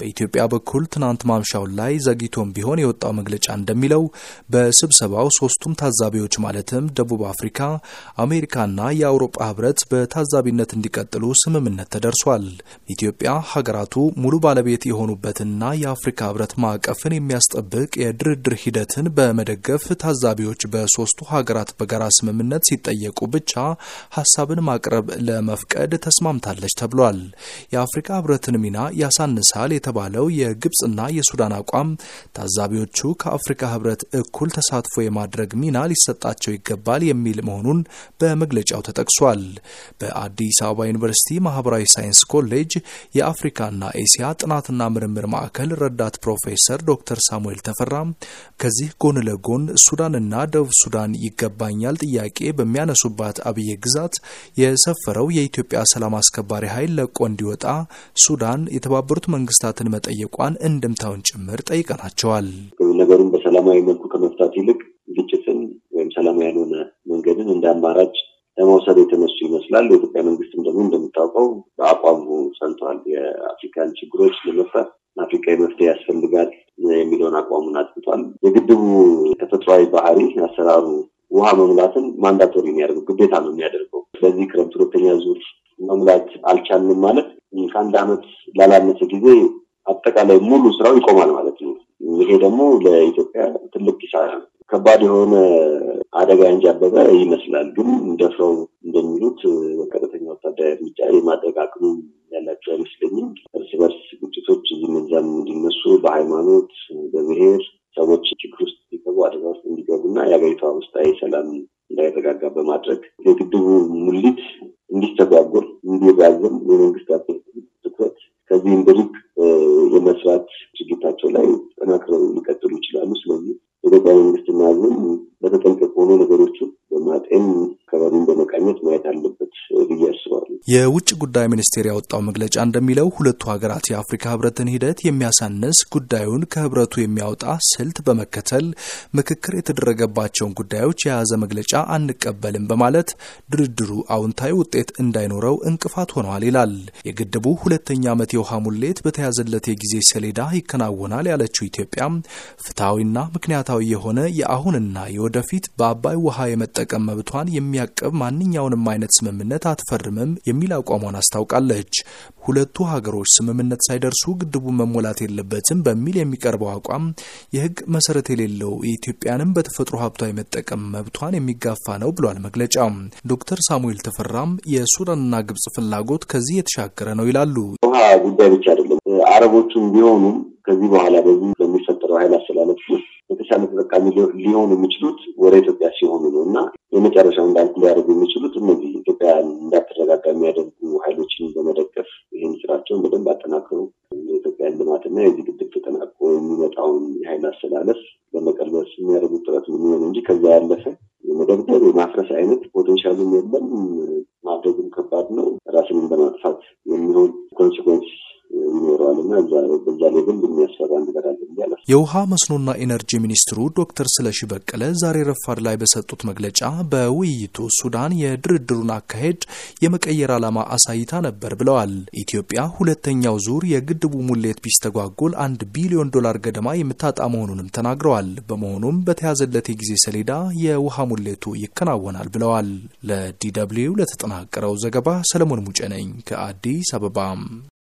በኢትዮጵያ በኩል ትናንት ማምሻውን ላይ ዘግይቶም ቢሆን የወጣው መግለጫ እንደሚለው በስብሰባው ሶስቱም ታዛቢዎች ማለትም ደቡብ አፍሪካ፣ አሜሪካና የአውሮፓ ህብረት በታዛቢነት እንዲቀጥሉ ስምምነት ተደርሷል። ኢትዮጵያ ሀገራቱ ሙሉ ባለቤት የሆኑበትና የአፍሪካ ህብረት ማዕቀፍን የሚያስጠብቅ የድርድር ሂደትን በመደገፍ ታዛቢዎች በሶስቱ ሀገራት በጋራ ስምምነት ሲጠየቁ ብቻ ሀሳብን ማቅረብ ለመፍቀድ ተስማምታለች ተብሏል። የአፍሪካ ህብረትን ሚና ያሳንሳል የተባለው የግብፅና የሱዳን አቋም ታዛቢዎቹ ከአፍሪካ ህብረት እኩል ተሳትፎ የማድረግ ሚና ሊሰጣቸው ይገባል የሚል መሆኑን በመግለጫው ተጠቅሷል። በአዲስ አበባ ዩኒቨርሲቲ ማህበራዊ ሳይንስ ኮሌጅ የአፍሪካና ኤስያ ጥናትና ምርምር ማዕከል ረዳት ፕሮፌሰር ዶክተር ሳሙኤል ተፈራ ከዚህ ጎን ለጎን ሱዳንና ደቡብ ሱዳን ይገባኛል ጥያቄ በሚያነሱባት አብዬ ግዛት የሰፈረው የኢትዮጵያ ሰላም አስከባሪ ኃይል ለቆ እንዲወጣ ሱዳን የተባበሩት መንግስታት ህወሓትን መጠየቋን እንድምታውን ጭምር ጠይቀናቸዋል። ነገሩን በሰላማዊ መልኩ ከመፍታት ይልቅ ግጭትን ወይም ሰላማዊ ያልሆነ መንገድን እንደ አማራጭ ለመውሰድ የተነሱ ይመስላል። የኢትዮጵያ መንግስትም ደግሞ እንደምታውቀው በአቋሙ ጸንተዋል። የአፍሪካን ችግሮች ለመፍታት አፍሪካዊ መፍትሄ ያስፈልጋል የሚለውን አቋሙን አጥብቷል። የግድቡ ተፈጥሯዊ ባህሪ አሰራሩ ውሃ መሙላትን ማንዳቶሪ የሚያደርገው ግዴታ ነው የሚያደርገው። ስለዚህ ክረምት ሁለተኛ ዙር መሙላት አልቻልንም ማለት ከአንድ አመት ላላነሰ ጊዜ አጠቃላይ ሙሉ ስራው ይቆማል ማለት ነው። ይሄ ደግሞ ለኢትዮጵያ ትልቅ ኪሳራ ነው። ከባድ የሆነ አደጋ እንጂ አበበ ይመስላል። ግን እንደፍረው እንደሚሉት በቀጥተኛ ወታደራዊ እርምጃ የማድረግ አቅሙ ያላቸው አይመስለኝም። እርስ በርስ ግጭቶች እዚህም እዚያም እንዲነሱ በሃይማኖት በብሔር ሰዎች ችግር ውስጥ ሲገቡ አደጋ ውስጥ እንዲገቡ እንዲገቡና የአገሪቷ ውስጣዊ ሰላም እንዳይረጋጋ በማድረግ የግድቡ ሙሊት እንዲስተጓጎል እንዲራዘም የመንግስት ትኩረት ከዚህም ብርቅ በመስራት ድርጊታቸው ላይ ጠናክረው ሊቀጥሉ ይችላሉ። ስለዚህ የኢትዮጵያ መንግስትና ህዝብም በተጠንቀቅ ሆኖ ነገሮች የውጭ ጉዳይ ሚኒስቴር ያወጣው መግለጫ እንደሚለው ሁለቱ ሀገራት የአፍሪካ ህብረትን ሂደት የሚያሳንስ ጉዳዩን ከህብረቱ የሚያወጣ ስልት በመከተል ምክክር የተደረገባቸውን ጉዳዮች የያዘ መግለጫ አንቀበልም በማለት ድርድሩ አውንታዊ ውጤት እንዳይኖረው እንቅፋት ሆነዋል ይላል። የግድቡ ሁለተኛ ዓመት የውሃ ሙሌት በተያዘለት የጊዜ ሰሌዳ ይከናወናል ያለችው ኢትዮጵያ ፍትሐዊና ምክንያታዊ የሆነ የአሁንና የወደፊት በአባይ ውሃ የመጠቀም መብቷን የሚያቀብ ማንኛውንም አይነት ስምምነት አትፈርምም የሚል አቋሟን አስታውቃለች። ሁለቱ ሀገሮች ስምምነት ሳይደርሱ ግድቡ መሞላት የለበትም በሚል የሚቀርበው አቋም የህግ መሰረት የሌለው የኢትዮጵያንም በተፈጥሮ ሀብቷ የመጠቀም መብቷን የሚጋፋ ነው ብሏል መግለጫው። ዶክተር ሳሙኤል ተፈራም የሱዳንና ግብጽ ፍላጎት ከዚህ የተሻገረ ነው ይላሉ። ውሃ ጉዳይ ብቻ አይደለም። አረቦቹም ቢሆኑም ከዚህ በኋላ በዚህ በሚፈጠረው ኃይል አሰላለፍ ውስጥ የተሻለ ተጠቃሚ ሊሆኑ የሚችሉት ወደ ኢትዮጵያ ሲሆኑ ነው እና የመጨረሻው እንዳልኩ ሊያደርጉ የሚችሉት እነዚህ ተጠናክሮ የኢትዮጵያን ልማትና የዚህ ግድብ ተጠናቅቆ የሚመጣውን የሀይል አስተላለፍ ለመቀልበስ የሚያደርጉት ጥረት የሚሆን እንጂ ከዛ ያለፈ የመደብደብ የማፍረስ አይነት ፖቴንሻልም የለም። የውሃ መስኖና ኢነርጂ ሚኒስትሩ ዶክተር ስለሺ በቀለ ዛሬ ረፋድ ላይ በሰጡት መግለጫ በውይይቱ ሱዳን የድርድሩን አካሄድ የመቀየር ዓላማ አሳይታ ነበር ብለዋል። ኢትዮጵያ ሁለተኛው ዙር የግድቡ ሙሌት ቢስተጓጎል አንድ ቢሊዮን ዶላር ገደማ የምታጣ መሆኑንም ተናግረዋል። በመሆኑም በተያዘለት የጊዜ ሰሌዳ የውሃ ሙሌቱ ይከናወናል ብለዋል። ለዲ ደብልዩ ለተጠናቀረው ዘገባ ሰለሞን ሙጨ ነኝ ከአዲስ አበባ።